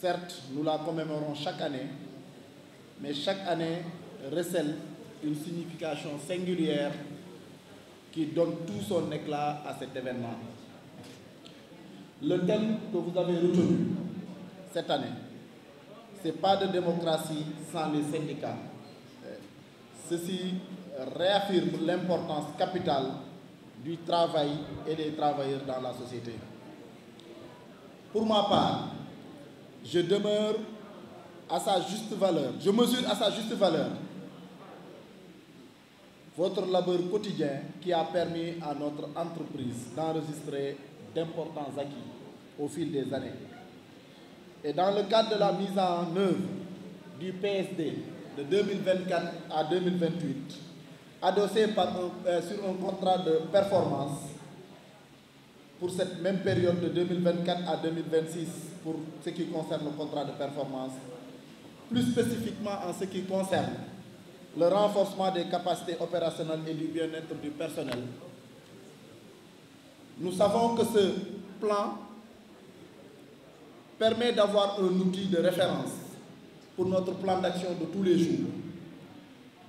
Certes, nous la commémorons chaque année, mais chaque année recèle une signification singulière qui donne tout son éclat à cet événement. Le thème que vous avez retenu cette année, c'est pas de démocratie sans les syndicats. Euh, ceci réaffirme l'importance capitale du travail et des travailleurs dans la société. Pour ma part, je demeure à sa juste valeur, je mesure à valeur votre labeur quotidien qui a permis à notre entreprise d'enregistrer d'importants acquis au fil des années. Et dans le cadre de la mise en œuvre du PSD de 2024 à 2028, adossé par un, euh, sur un contrat de performance pour cette même période de 2024 à 2026 pour ce qui concerne le contrat de performance, plus spécifiquement en ce qui concerne le renforcement des capacités opérationnelles et du bien-être du personnel. Nous savons que ce plan permet d'avoir un outil de référence pour notre plan d'action de tous les jours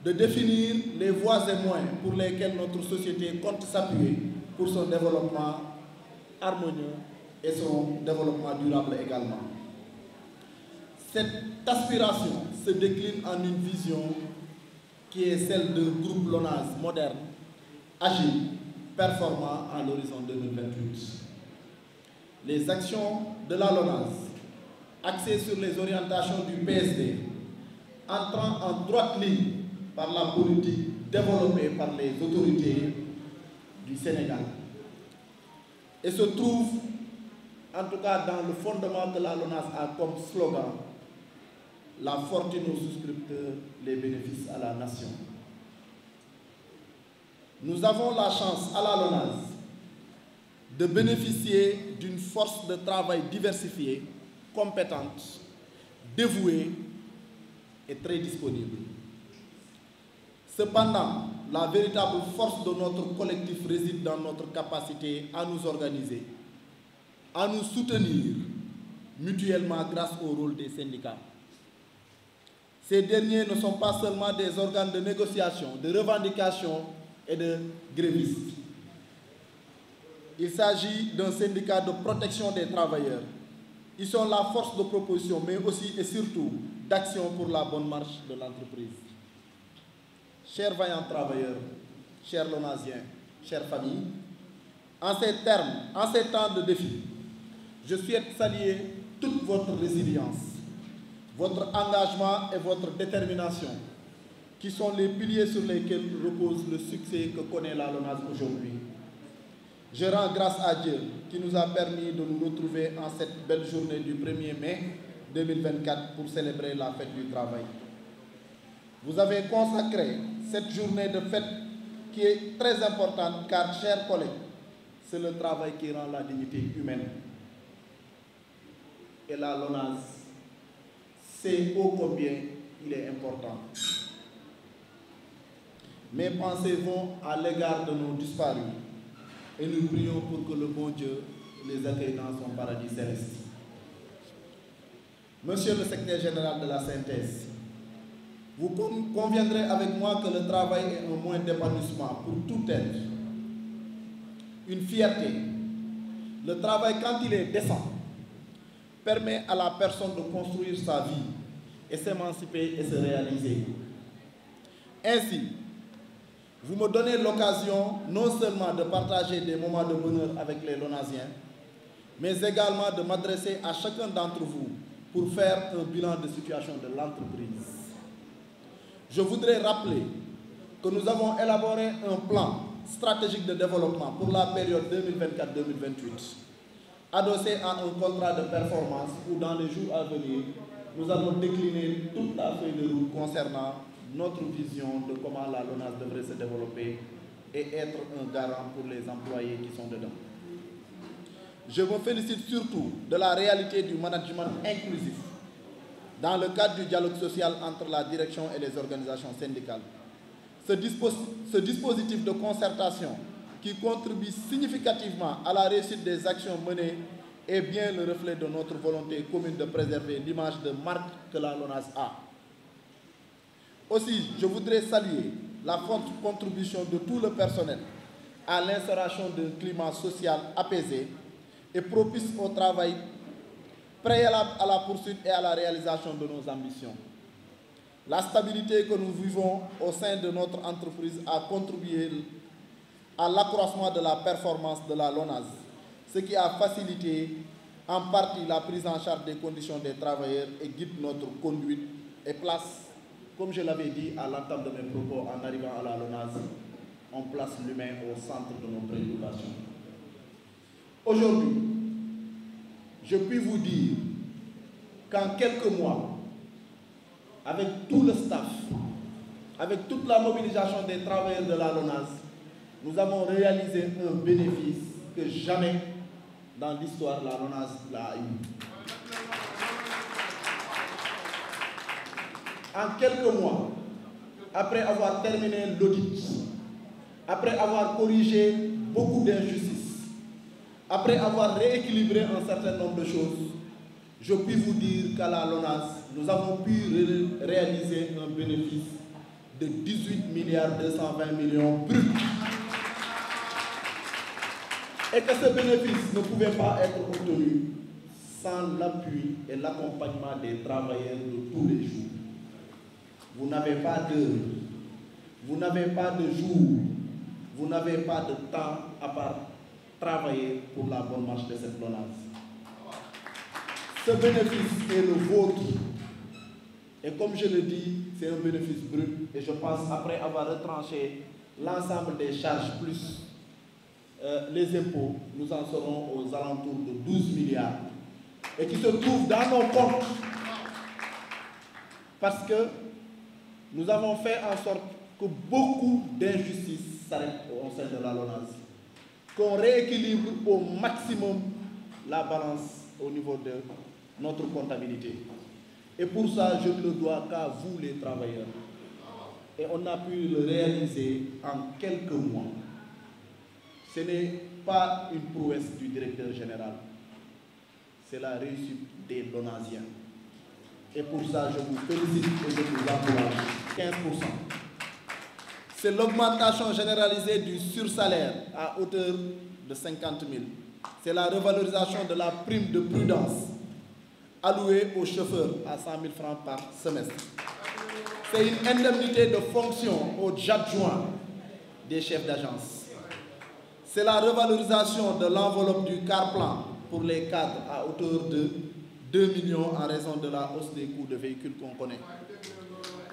de définir les voies et moyens pour lesquels notre société compte s'appuyer pour son développement harmonieux et son développement durable également. Cette aspiration se décline en une vision qui est celle d'un groupe LONASE moderne, agile, performant à l'horizon 2028. Les actions de la LONASE, axées sur les orientations du PSD, entrant en droite ligne par la politique développée par les autorités du Sénégal et se trouve en tout cas dans le fondement que la LONASE a comme slogan la fortune aux les bénéfices à la nation. Nous avons la chance à la LONASE de bénéficier d'une force de travail diversifiée, compétente, dévouée et très disponible. Cependant, la véritable force de notre collectif réside dans notre capacité à nous organiser, à nous soutenir mutuellement grâce au rôle des syndicats. Ces derniers ne sont pas seulement des organes de négociation, de revendication et de grévistes. Il s'agit d'un syndicat de protection des travailleurs. Ils sont la force de proposition, mais aussi et surtout d'action pour la bonne marche de l'entreprise. chers vaillants travailleurs, chers Lonasiens, chères familles, en ces termes, en ces temps de défi, je souhaite saluer toute votre résilience, votre engagement et votre détermination, qui sont les piliers sur lesquels repose le succès que connaît la LONAS aujourd'hui. Je rends grâce à Dieu qui nous a permis de nous retrouver en cette belle journée du 1er mai pour célébrer la fête du travail. Vous avez consacré cette journée de fête qui est très importante car, chers collègues, c'est le travail qui rend la dignité humaine. Et la LONAS sait au combien il est important. Mes pensées vont à l'égard de nos disparus et nous prions pour que le bon les accueille dans son paradis céleste. Monsieur le secrétaire général de la Synthèse, Vous conviendrez avec moi que le travail est un moyen d'épanouissement pour tout être. Une fierté. Le travail, quand il est décent, permet à la personne de construire sa vie et s'émanciper et se réaliser. Ainsi, vous me donnez l'occasion non seulement de partager des moments de bonheur avec les Lonasiens, mais également de m'adresser à chacun d'entre vous pour faire un bilan de situation de l'entreprise. Je voudrais rappeler que nous avons un plan stratégique de développement pour la période 2024-2028, adossé à un contrat de performance dans les jours à venir, nous allons la feuille de route de comment la LONAS devrait se développer et être pour les employés qui sont surtout de la réalité du management inclusif dans le cadre du dialogue social entre la direction et les organisations syndicales. Ce, ce dispositif de concertation qui contribue significativement à la réussite des actions menées est bien le reflet de notre volonté commune de préserver l'image de marque que la LONAS a. Aussi, je voudrais saluer la forte contribution de tous le personnel à l'instauration d'un climat social apaisé et propice au travail préalable à la poursuite et à la réalisation de nos ambitions. La stabilité que nous vivons au sein de notre entreprise a contribué à l'accroissement de la performance de la LONAS, ce qui a facilité en partie la prise en charge des conditions des travailleurs et guide notre conduite et place, comme je l'avais dit à l'entame de mes propos en arrivant à la LONAS, on place l'humain au centre de nos préoccupations. Aujourd'hui, je puis vous dire qu'en quelques mois, avec tout le avec toute la mobilisation des travailleurs de la LONAS, nous avons réalisé un bénéfice que jamais dans l'histoire la LONAS l'a eu. En quelques mois, après avoir terminé l'audit, après avoir corrigé beaucoup d'injustices, Après avoir rééquilibré un certain nombre de choses, je puis vous dire qu'à la LONASE, nous avons pu réaliser un bénéfice de 18 milliards 220 millions bruts. Et que ce bénéfice ne pouvait pas être obtenu sans l'appui et l'accompagnement des travailleurs de tous les jours. Vous n'avez pas d'heure, vous n'avez pas de jour, vous n'avez pas de temps à part travailler pour la bonne marche de cette LONASE. Ce bénéfice est le vôtre. Et comme je le dis, c'est un bénéfice brut. Et je pense, après avoir retranché l'ensemble des charges plus euh, les impôts, nous en serons aux alentours de 12 milliards. Et qui se trouvent dans nos comptes. Parce que nous avons fait en sorte que beaucoup d'injustices s'arrêtent au sein de la LONASE. qu'on rééquilibre au maximum la balance au niveau de notre comptabilité. Et pour ça, je ne le dois qu'à vous les travailleurs. Et on a pu le réaliser en quelques mois. Ce n'est pas une prouesse du directeur général, c'est la réussite des donasiens. Et pour ça, je vous félicite et je vous encourage. 15%. c'est l'augmentation généralisée du sursalaire à hauteur de 50 000. C'est la revalorisation de la prime de prudence allouée aux chauffeurs à 100 000 francs par semestre. C'est une indemnité de fonction aux adjoints des chefs d'agence. C'est la revalorisation de l'enveloppe du CARPLAN pour les cadres à hauteur de deux millions en raison de la hausse des coûts de véhicules qu'on connaît.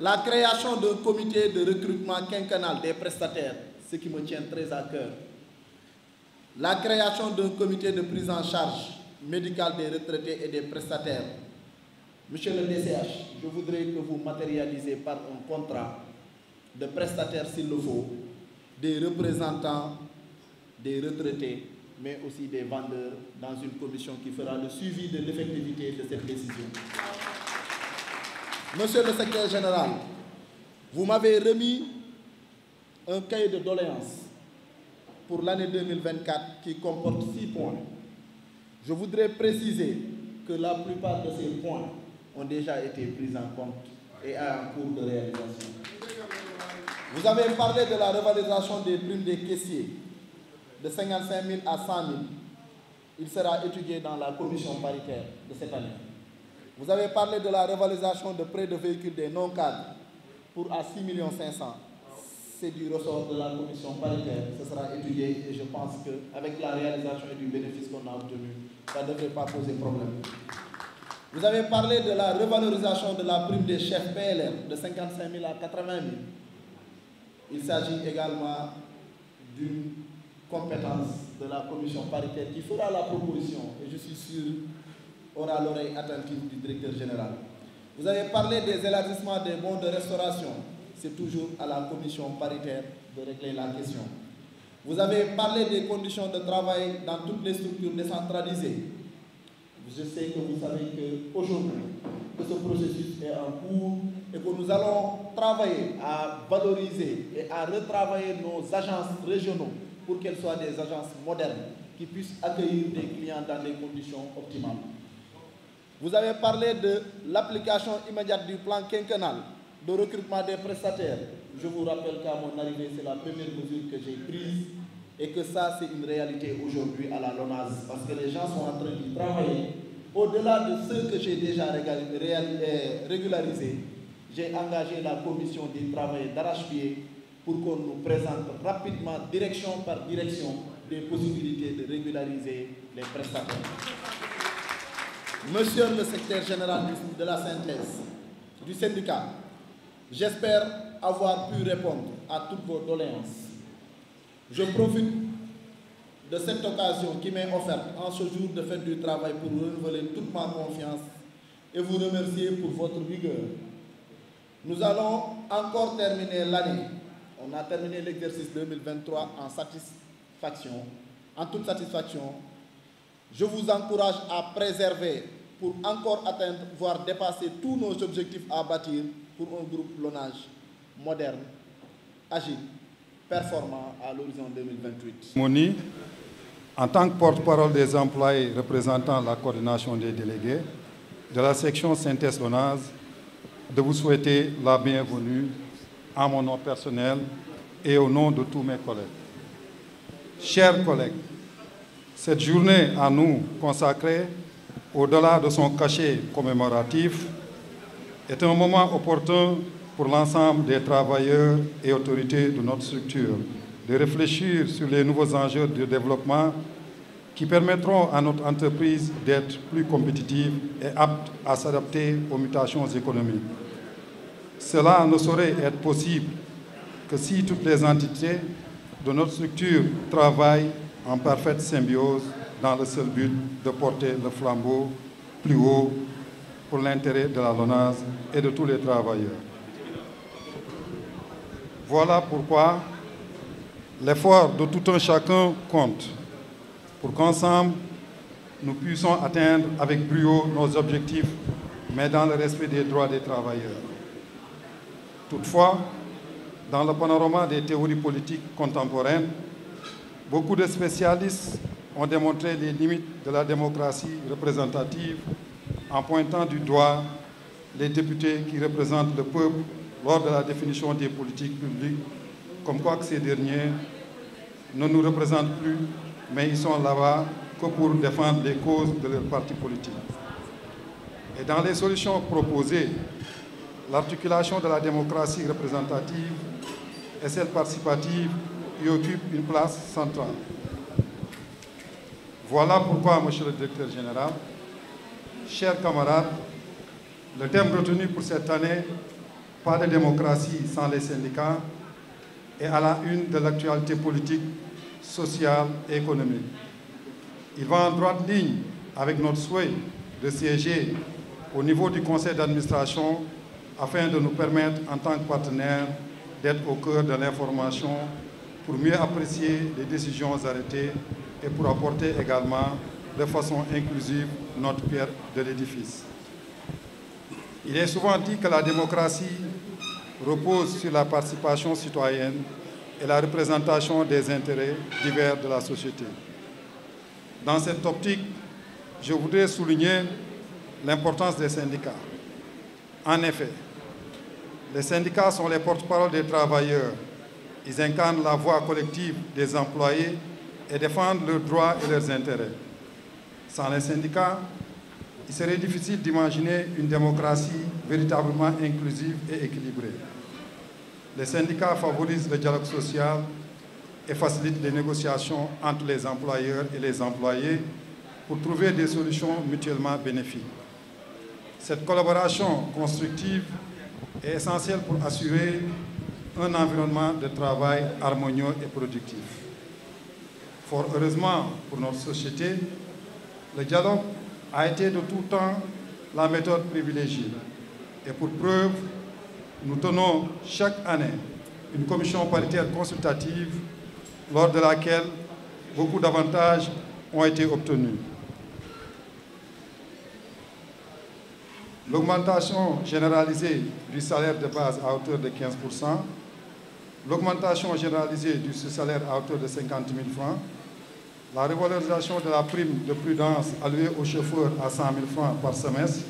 la création d'un comité de recrutement quinquennal des prestataires, ce qui me tient très à cœur. La création d'un comité de prise en charge médicale des retraités et des prestataires. Monsieur le DCH, je voudrais que vous matérialisez par un contrat de prestataires s'il le faut, des représentants des retraités, mais aussi des vendeurs dans une commission qui fera le suivi de l'effectivité de cette décision. Monsieur le secrétaire général, vous m'avez remis un de doléances pour l'année 2024 qui comporte six points. Je voudrais préciser que la plupart de ces points ont déjà en compte et en de la revalorisation des primes des caissiers de 55 000 à 100 000. Il sera dans la commission paritaire de Vous avez parlé de la revalorisation de prêts de véhicules des non-cadres pour à 6 millions 500. C'est du ressort de la commission paritaire. Ce sera étudié et je pense qu'avec la réalisation et du bénéfice qu'on a obtenu, ça ne Vous avez parlé de la revalorisation de la prime des chefs PLR de 55 000 à 80 000. Il s'agit également d'une compétence de la commission paritaire qui fera la proposition et je suis sûr aura l'oreille attentive du directeur général. Vous avez parlé des élargissements des bons de restauration. C'est toujours à la commission paritaire de régler la question. Vous avez parlé des conditions de travail dans toutes les structures décentralisées. Je sais que vous savez qu'aujourd'hui, que ce processus est en cours et que nous allons travailler à valoriser et à retravailler nos agences régionaux pour qu'elles soient des agences modernes qui puissent accueillir des clients Vous avez parlé de l'application immédiate du plan quinquennal de recrutement des prestataires. Je vous rappelle qu'à mon arrivée, c'est la première mesure que j'ai prise et que ça, c'est une réalité aujourd'hui à la LONAS parce que les gens sont en train de travailler. Au-delà de ceux que j'ai déjà euh, régularisés, j'ai engagé la commission des travailleurs d'arrache-pied pour qu'on nous présente rapidement, direction par direction, des possibilités de régulariser les Monsieur le secrétaire général de la synthèse du syndicat, j'espère avoir à toutes Je profite de cette occasion qui m'est offerte en ce jour de fête du travail pour renouveler toute ma confiance et vous remercier pour votre rigueur. Nous Je vous encourage à préserver pour encore atteindre, voire dépasser tous nos objectifs à bâtir pour un groupe Lonage moderne, agile, performant à l'horizon 2028. Moni, en tant porte-parole des employés représentant la coordination des délégués de la section synthèse de vous la bienvenue à mon nom de tous mes collègues. Chers collègues, cette journée à au-delà de son cachet commémoratif, est un moment opportun pour l'ensemble des travailleurs et autorités de notre structure de réfléchir sur les nouveaux enjeux de développement qui permettront à notre entreprise d'être plus compétitive et apte à s'adapter aux mutations économiques. Cela ne saurait être possible que si toutes les entités de notre structure travaillent en parfaite symbiose dans le seul but de porter le flambeau plus haut pour l'intérêt de la LONASE et de tous les travailleurs. Voilà pourquoi l'effort de tout un chacun compte pour qu'ensemble nous puissions atteindre avec brio nos objectifs, mais dans le respect des droits des travailleurs. Toutefois, dans le panorama des théories politiques contemporaines, beaucoup de spécialistes ont démontré les limites de la démocratie représentative en pointant du doigt les députés qui représentent le peuple lors de la définition des politiques publiques, comme quoi que ces derniers ne nous représentent plus, mais ils sont là-bas que pour défendre les causes de leur parti politique. Et dans les solutions proposées, l'articulation de la démocratie représentative et celle participative y occupe une place centrale. Voilà pourquoi, Monsieur le Directeur Général, chers camarades, le thème retenu pour cette année, pas de démocratie sans les syndicats, est à la une de l'actualité politique, sociale et économique. Il va en droite ligne avec notre souhait de siéger au niveau du conseil d'administration afin de nous permettre, en tant que partenaire, d'être au cœur de l'information pour mieux apprécier les décisions arrêtées et pour apporter également de façon inclusive notre pierre de l'édifice. Il est souvent dit que la démocratie repose sur la participation citoyenne et la représentation des intérêts divers de la société. Dans cette optique, je voudrais souligner l'importance des syndicats. En effet, les syndicats sont les porte-parole des travailleurs. Ils incarnent la voix collective des employés et défendre leurs droits et leurs intérêts. Sans les syndicats, il serait difficile d'imaginer une démocratie véritablement inclusive et équilibrée. Les syndicats favorisent le dialogue social et facilitent les négociations entre les employeurs et les employés pour trouver des solutions mutuellement bénéfiques. Cette collaboration constructive est essentielle pour assurer un environnement de travail harmonieux et productif. Fort heureusement pour notre société, le dialogue a été de tout temps la méthode privilégiée. Et pour preuve, nous tenons chaque année une commission paritaire consultative lors de laquelle beaucoup d'avantages ont été obtenus. L'augmentation généralisée du salaire de base à hauteur de 15%, l'augmentation généralisée du salaire à hauteur de 50 000 francs, La revalorisation de la prime de prudence allouée aux chauffeurs à 100 000 francs par semestre,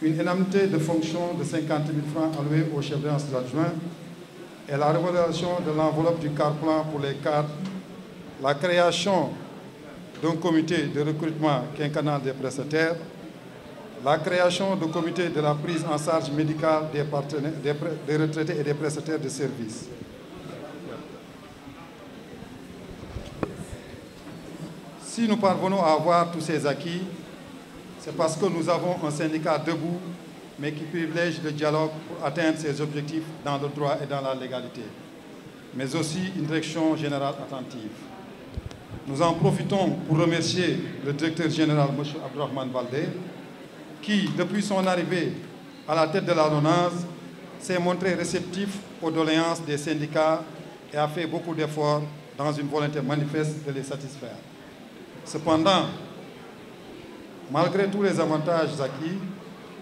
une indemnité de fonction de 50 000 francs allouée aux chefs de adjoints et la revalorisation de l'enveloppe du CARPLAN pour les cadres, la création d'un comité de recrutement quinquennal des prestataires, la création de comité de la prise en charge médicale des, des, des retraités et des prestataires de services. si nous parvenons à avoir tous ces acquis, c'est parce que nous avons un syndicat debout, mais qui privilège le dialogue pour atteindre ses objectifs dans le droit et dans la légalité, mais aussi une direction générale attentive. Nous en profitons pour remercier le directeur général, M. Abdurrahman Baldé, qui, depuis son arrivée à la tête de la RONAS, s'est montré réceptif aux doléances des syndicats et a fait beaucoup d'efforts dans une volonté Cependant, malgré tous les avantages acquis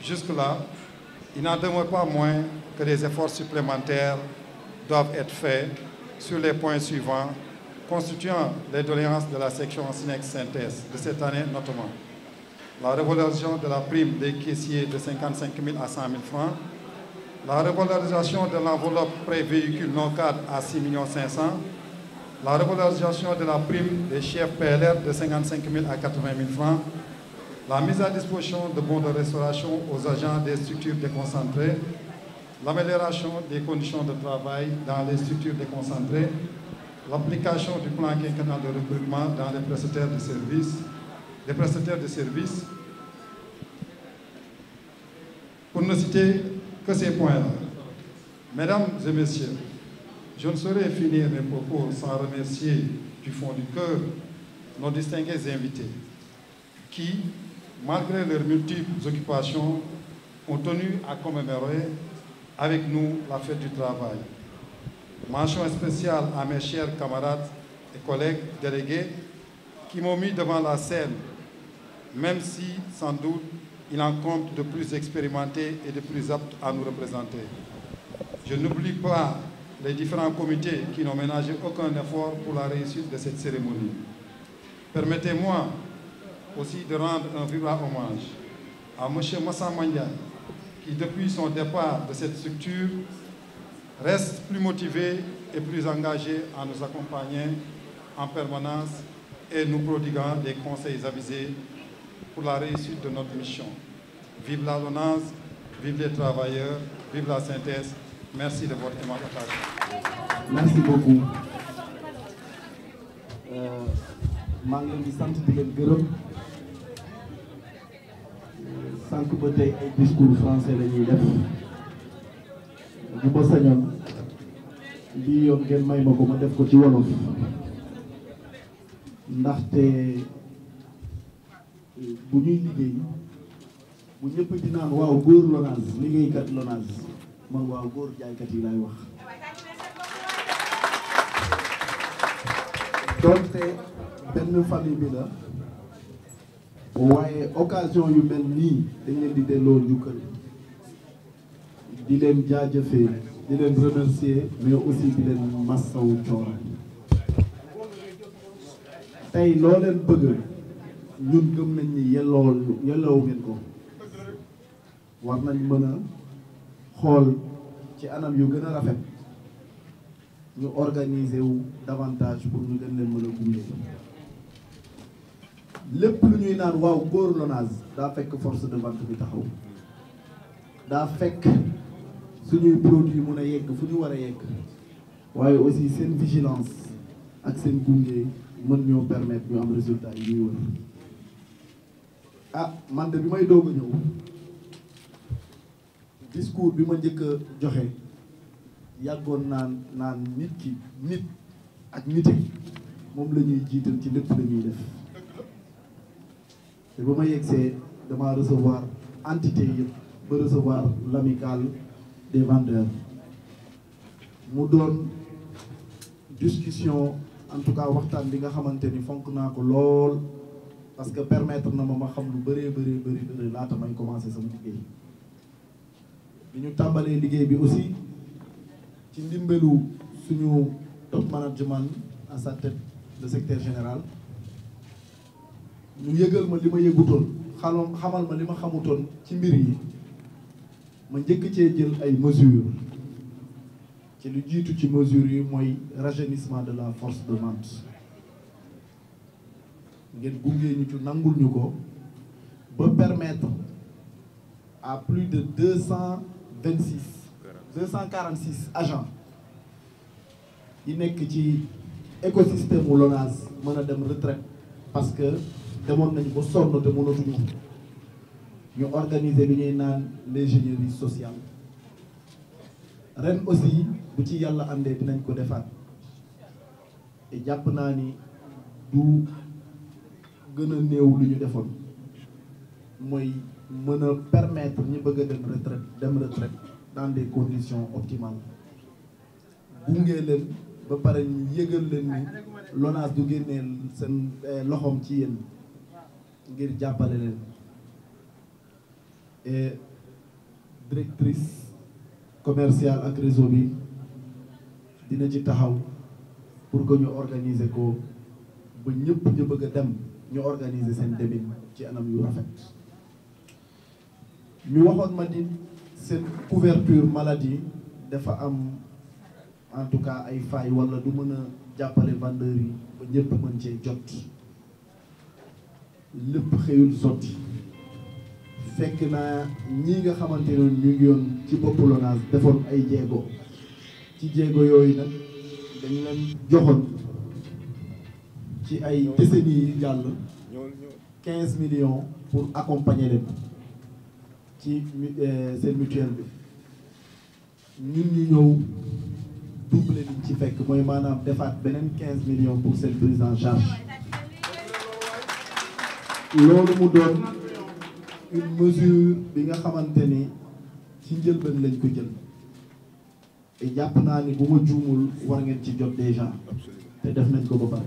jusque-là, il n'en demeure pas moins que des efforts supplémentaires doivent être faits de la section SINEX-Synthèse de cette année notamment. La revalorisation de la prime des caissiers de 55 000 à 100 000 francs, la revalorisation de l'enveloppe à 6 500 000 la revalorisation de la prime des chefs PLR de 55 000 à 80 000 francs, la mise à disposition de bons de restauration aux agents des structures déconcentrées, des conditions de travail dans les structures déconcentrées, l'application du plan quinquennal de recrutement dans les prestataires de services, les prestataires de services, pour ne citer que ces points-là. Mesdames et messieurs, Je ne saurais finir mes propos sans remercier du fond du cœur nos distingués invités qui, malgré leurs multiples occupations, ont tenu à commémorer avec nous la fête du travail. Mention spéciale à mes chers camarades et collègues délégués qui m'ont mis devant la scène, même si, sans doute, il en compte de plus expérimentés et de plus aptes à nous représenter. Je n'oublie pas les différents comités qui n'ont ménagé aucun effort pour la réussite de cette cérémonie. Permettez-moi aussi de rendre un vibrant hommage à M. Massa Mandia, qui depuis son départ de cette structure reste plus motivé et plus engagé à nous accompagner en permanence et nous prodiguant des conseils avisés pour la réussite de notre mission. Vive la vive les travailleurs, vive la synthèse Merci de euh, maa ngi leen di sant di leen gërëm sànq ba tey ay français la ñuy def bu ma sañoon lii yoon ngeen may ma ko ma def ko ci wolof ndaxte bu ñuy liggéey bu ñëpp di naan waaw góor Lonase liggéeykat Lonase. man waa góor jaaykat yi laay wax doonte benn famille bi la waaye occasion yu mel nii dañ leen di delloo njukkal di leen jaajëfee di leen remercier mais aussi di leen massaw coono tey loo leen bëgg ñun gëm nañ ni yelloo yelloo ngeen ko war nañ mën a xool ci anam yu gën a rafet ñu organiser wu davantage pour ñu dem leen mën a gunge lépp lu ñuy naan waaw góor daa fekk force de vente bi taxaw daa fekk suñuy produit mun a yegg fu ñu war a yegg waaye aussi seen vigilance ak seen gunge mën ñoo permettre ñu am résultat yi ñuy wër ah man bi may doog a ñëw discours bi ma njëkk joxe yàggoon naan naan nit ki nit ak nite moom la ñuy jiital ci dëkk la ñuy def te ba ma yegsee dama recevoir entité yëpp ba recevoir l'amicale des vendeurs mu doon discussion en tout cas waxtaan bi nga xamante ni fonk naa ko lool parce que permettre na ma ma xam lu bëree bëri bëri bëri laata may commencer sama liggéey bi ñu tàmbalee liggéey bi aussi ci ndimbalu suñu top management à sa tête secteur général ñu yëgal ma li ma yëgutoon xamal ma li ma xamutoon ci mbir yi ma njëkk cee jël ay mesures ci lu jiitu ci mesures yi mooy rajeunissement de la force de vente ngeen gungee ñu ci nangul ñu ko ba permettre à plus de deux cent cent 26 246 agents yi nekk ci écosystème mu mën a dem retraite parce que demoon nañu ko sonn te mënatuñu ñu organiser lu ñuy naan l'ingénierie sociale ren aussi bu ci yàlla àndee dinañ ko defaat te jàpp naa ni du gën a néew lu ñu defoon. mooy mën a permettre ñu bëgg a dem retraite dem retraite dans des conditions optimales gunge leen ba pare ñu yëgal leen ni LONASE du génnee seen eh, loxoom ci yéen ngir jàppale leen et directrice commerciale ak réseau bi dina ci taxaw pour que ñu organiser ko ba ñëpp ñu bëgg a dem ñu organiser seen demin ci anam yu rafet ñu waxoon ma ni seen couverture maladie dafa am en tout cas ay failles wala du mën a jàppale vendeurs yi ba ñëpp mën cee jot lépp xëyul sotti fekk naa ñi nga xamante ne ñu ngi yoon ci bopp Lonase defoon ay jéego ci jéego yooyu nag dañ leen joxoon ci ay décennies yi jàll quinze millions pour accompagner leen ci euh, seen mutuelle bi ñun ñu ñëw double liñ ci fekk mooy maanaam defaat beneen quinze millions pour seen prise en charge loolu mu doon une mesure bi nga xamante ni ci njëlbeen lañ ko jël te jàpp naa ni bu ma juumul war ngeen ci jot déjà te def nañ ko ba pare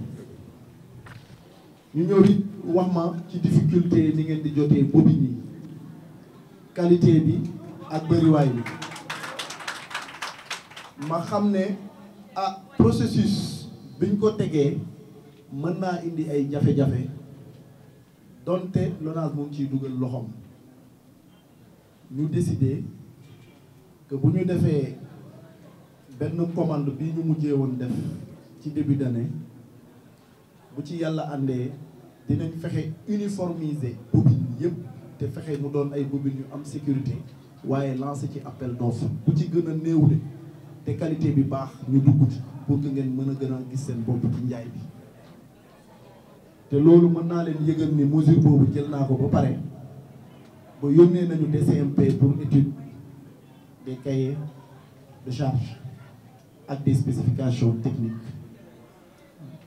ñu ñëw it wax ma ci difficulté ni ngeen di jotee bobine yi qualité bi ak bëriwaay bi ma xam ne ah processus biñ ko tegee mën naa indi ay jafe-jafe donte LONASE mu ciy dugal loxoom ñu décider que bu ñu defee benn commande bi ñu mujjee woon def ci début d'année bu ci yàlla àndee dinañ fexe uniformiser bobine yëpp te fexe mu doon ay bobines yu am sécurité waaye lancé ci appel d'offre bu ci gën a néewle te qualité bi baax ñu dugg pour que ngeen mën a gën a gis seen bopp ci njaay bi te loolu mën naa leen yëgal ni mesure boobu jël naa ko ba pare ba yónnee nañu DCMP pour étude des cahiers de charge ak des spécifications techniques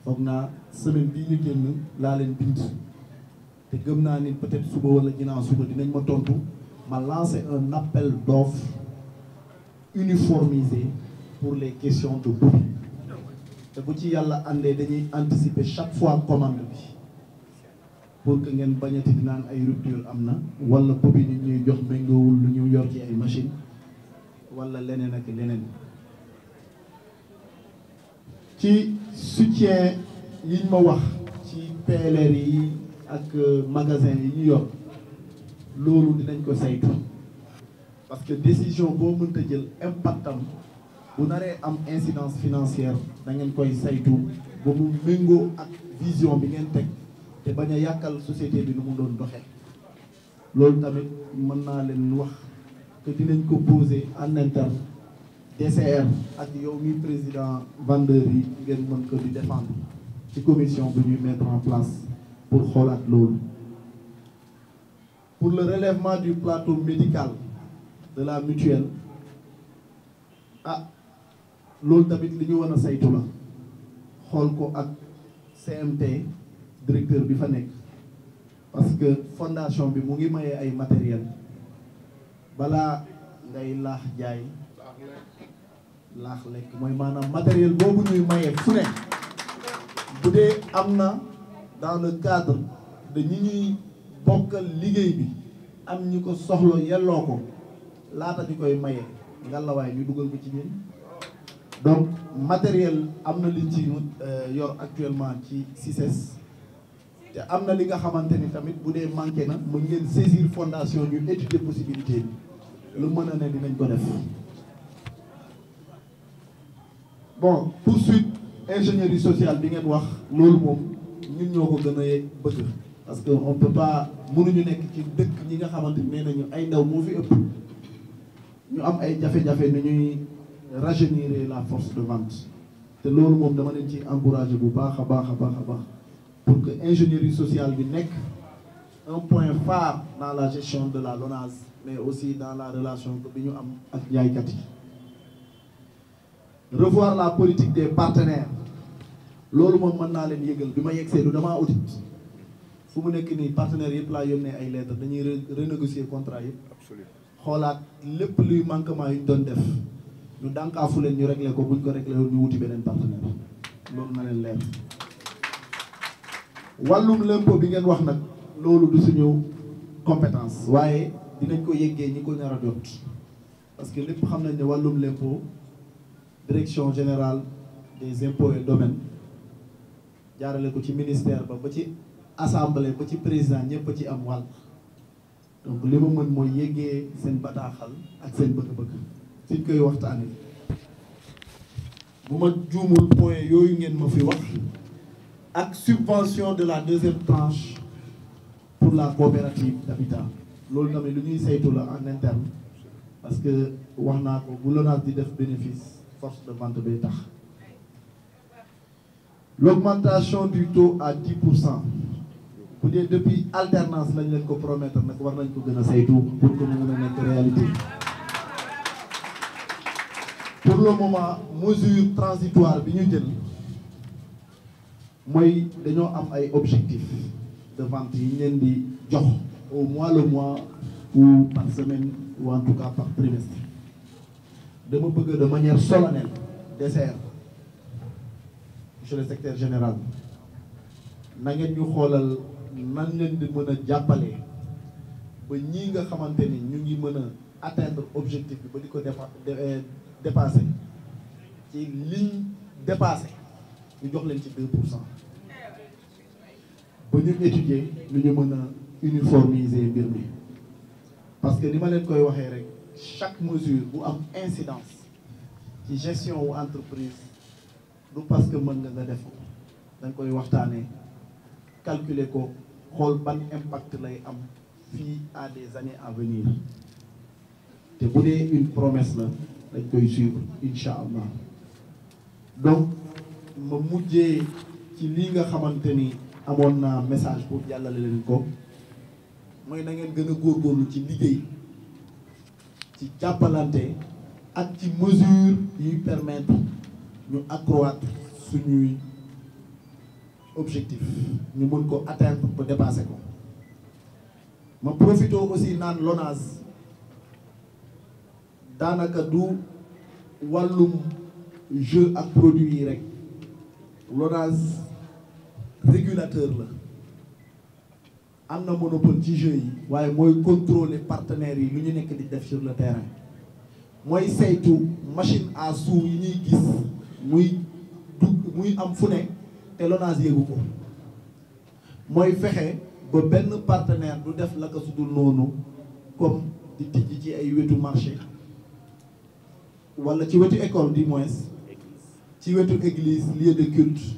foog naa semaine bii ñu génn laa leen bind te gëm naa ni peut-être suba wala ginnaaw suba dinañ ma tontu ma lancer un appel d'offres uniformisé pour les questions de boubou te bu ci yàlla àndee dañuy anticiper chaque fois commande bi pour que ngeen bañati naan ay rupture am na wala bobi yi ñuy jox méngoowul lu ñu yor ci ay machine wala leneen ak leneen ci soutien yiñ ma wax ci PLR yi ak euh, magasin yi ñu yor loolu dinañ ko saytu parce que décision boo mënta jël impactam bu naree am incidence financière da ngeen koy saytu ba mu méngoo ak vision bi ngeen teg te bañ a yàkkal société bi nu mu doon doxee loolu tamit mën naa leen wax que dinañ ko poser en interne ak yow mi président vendeur yi ngeen mën ko di défendre ci commission bu ñuy mettre en place pour xoolaat loolu pour le relèvement du plateau médical de la mutuelle ah loolu tamit li ñu war a saytu la xool ko ak CMT directeur bi fa nekk parce que fondation bi mu ngi mayee ay matériel balaa ngay laax jaay laax lekk mooy maanaam matériel boobu ñuy mayee fu bu dee am na dans le cadre de ñuy bokkal liggéey bi am ñi ko soxla yelloo ko laata ñu koy maye ngalawaay ñu dugal ko ci ñun donc matériel am na liñ ci euh, yor actuellement ci CICES te am na li nga xamante ni tamit bu dee manqué na mën ngeen saisir fondation ñu étudier possibilité bi lu mën a ne dinañ ko def bon poursuite ingénierie sociale bi ngeen wax loolu moom ñun ñoo ko gën a bëgg parce que on peut pas mënuñu nekk ci dëkk ñi nga xamante ne nañu ay ndaw moo fi ëpp ñu am ay jafe-jafe ni ñuy rajeunir la force de vente te loolu moom dama leen ci encouragé bu baax a baax a baax a baax pour que ingénierie sociale bi nekk un point phare dans la gestion de la LONASE mais aussi dans la relation bi ñu am ak jaaykat yi revoir la politique des partenaire loolu moom mën naa leen yëgal bi ma yegsee du damaa audit fu mu nekk nii partenaires yëpp laa yónnee ay lettres dañuy re renégocier contrat yëpp xoolaat lépp luy manquement yu ñu doon def ñu dànkaafu leen ñu réglé ko buñ ko réglé woon ñu wuti beneen partenaire loolu ma leen leer wàllum lempo bi ngeen wax nag loolu du suñu compétence waaye dinañ ko yëggee ñi ko nar a parce que lépp xam nañ ne wàllum l'impôt direction général des impôts et domaines jaarale ko ci ministère ba ba ci assemblée ba ci président ñëpp a ci am wàll donc li ma mën mooy yéggee seen bataaxal ak seen bëgg-bëgg fi ñu koy waxtaanee bu ma juumul point yooyu ngeen ma fi wax ak subvention de la deuxième tranche pour la coopérative d'habitat loolu tamit lu ñuy saytu la en interne parce que wax naa ko bu LONASE di def bénéfice force de vente bay tax l'augmentation du taux à 10 pour cent bu dee depuis alternance lañ leen ko promettre nag war nañ ko gën a saytu pour que mu mën a nekk réalité pour le moment mesure transitoire bi ñu jël mooy dañoo am ay objectifs de yi ñu leen di jox au mois le mois ou par ou en tout cas par trimestre dama bëgg de manière solennelle monsieur le secrétaire général na ngeen ñu xoolal nan leen di mën a jàppale ba ñii nga xamante ni ñu ngi mën a atteindre objectif bi ba di ko euh, dépassé ci ligne dépassé ñu jox leen ci deux pour cent ba ñu étudier lu ñu mën a uniformiser mbir mi parce que ni ma leen koy waxee rek chaque mesure bu am incidence ci gestion wu entreprise du parce que mën nga nga def ko dañ koy waxtaanee calculer ko xool ban impact lay am fii à des années à venir te bu dee une promesse la dañ koy suivre incha allah donc ma mujjee ci li nga xamante ni amoon naa message pour jàllale leen ko mooy na ngeen gën a góorgóorlu ci liggéey ci jàppalante ak ci mesure yuy permetre ñu accroître suñuy objectif ñu mën ko atteindre ba dépasser ko ma profité aussi naan LONASE daanaka du wàllum jeu ak produit yi rek LONASE régulateur la am na monopole ci jeu yi waaye mooy contrôler partenaires yi lu ñu nekk di def sur le terrain mooy saytu machine à sous yi ñuy gis muy du muy am fu ne te LONASE yéegu ko mooy fexe ba benn partenaire du def la ko noonu comme di tijj ci ay wetu marché wala ci wetu école du moins ci wetu église lieu de culte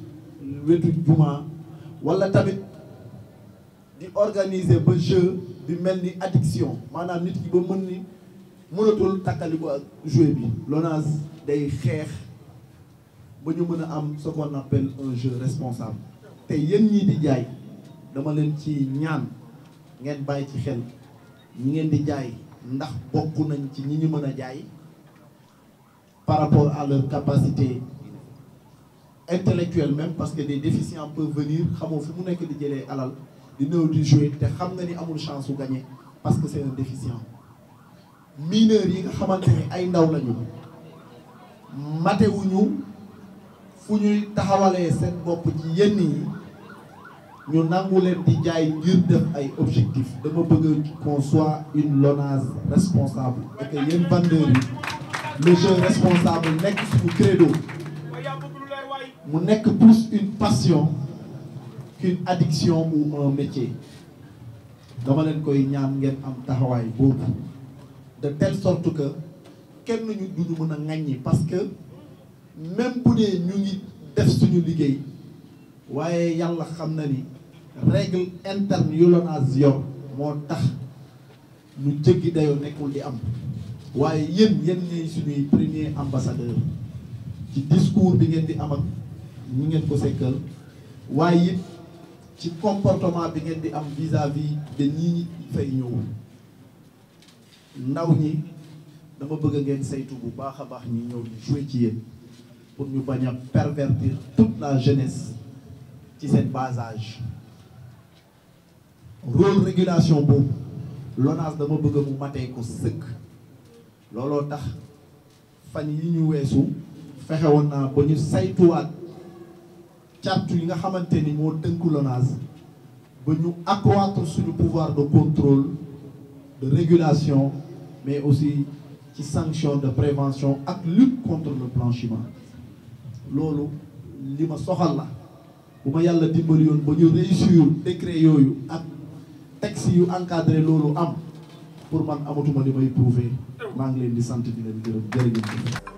wetu juma wala tamit di organiser ba jeu bi mel ni addiction maanaam nit ki ba mën ni mënatul takkaliko ak jouet bi LONASE day xeex ba ñu mën a am ce qu'on appelle un jeu responsable te yéen ñii di jaay dama leen ci ñaan ngeen bàyyi ci xel ñi ngeen di jaay ndax bokk nañ ci ñi ñu mën a jaay par rapport à leur capacité intellectuelle même parce que des déficients peuvent venir xamoo fu mu nekk di jëlee alal di néew di jouer te xam nga ni amul chance su gagner parce que c'est un déficient mineurs yi nga xamante ni ay ndaw lañu matewuñu fu ñuy taxawalee seen bopp ci yenn yi ñu nangu leen di jaay ngir def ay objectif dama bëgg qu'on soit une LONASE responsable et que yéen vendeurs yi le jeu responsable nekk suñu credo mu nekk plus une passion qu'une addiction ou un métier dama leen koy ñaan ngeen am taxawaay boobu de telle sorte que kenn ñu duñu mën a ŋàññi parce que même bu dee ñu ngi def suñu liggéey waaye yàlla xam na ni règle interne yu LONASE yor moo tax lu jéggi dayoo nekkul di am waaye yéen yéen ñooy suñuy premier ambassadeur ci discours bi ngeen di am ak ñi ngeen ko sekkal waaye it ci comportement bi ngeen di am vis-à-vis fay ñëwul ndaw ñi dama bëgg ngeen saytu bu baax a baax ñi ñëw di joué ci yéen. pour ñu bañ a pervertir toute la jeunesse ci seen bas âge rôle régulation boobu l'ONAS dama bëgg mu matee ko sëkk looloo tax fan yi ñu weesu fexewoon woon naa ba ñu saytuwaat càrtu yi nga xamante ni moo dënku l'ONAS ba ñu accroître suñu pouvoir de contrôle de régulation mais aussi ci sanction de prévention ak lutte contre le blanchiment loolu li ma soxal la bu ma yàlla dimbali yoon ba ñu réussir décret yooyu ak texte yu encadré loolu am pour man amatuma li may prouver maa ngi leen di sant di leen gërëm jërëjëf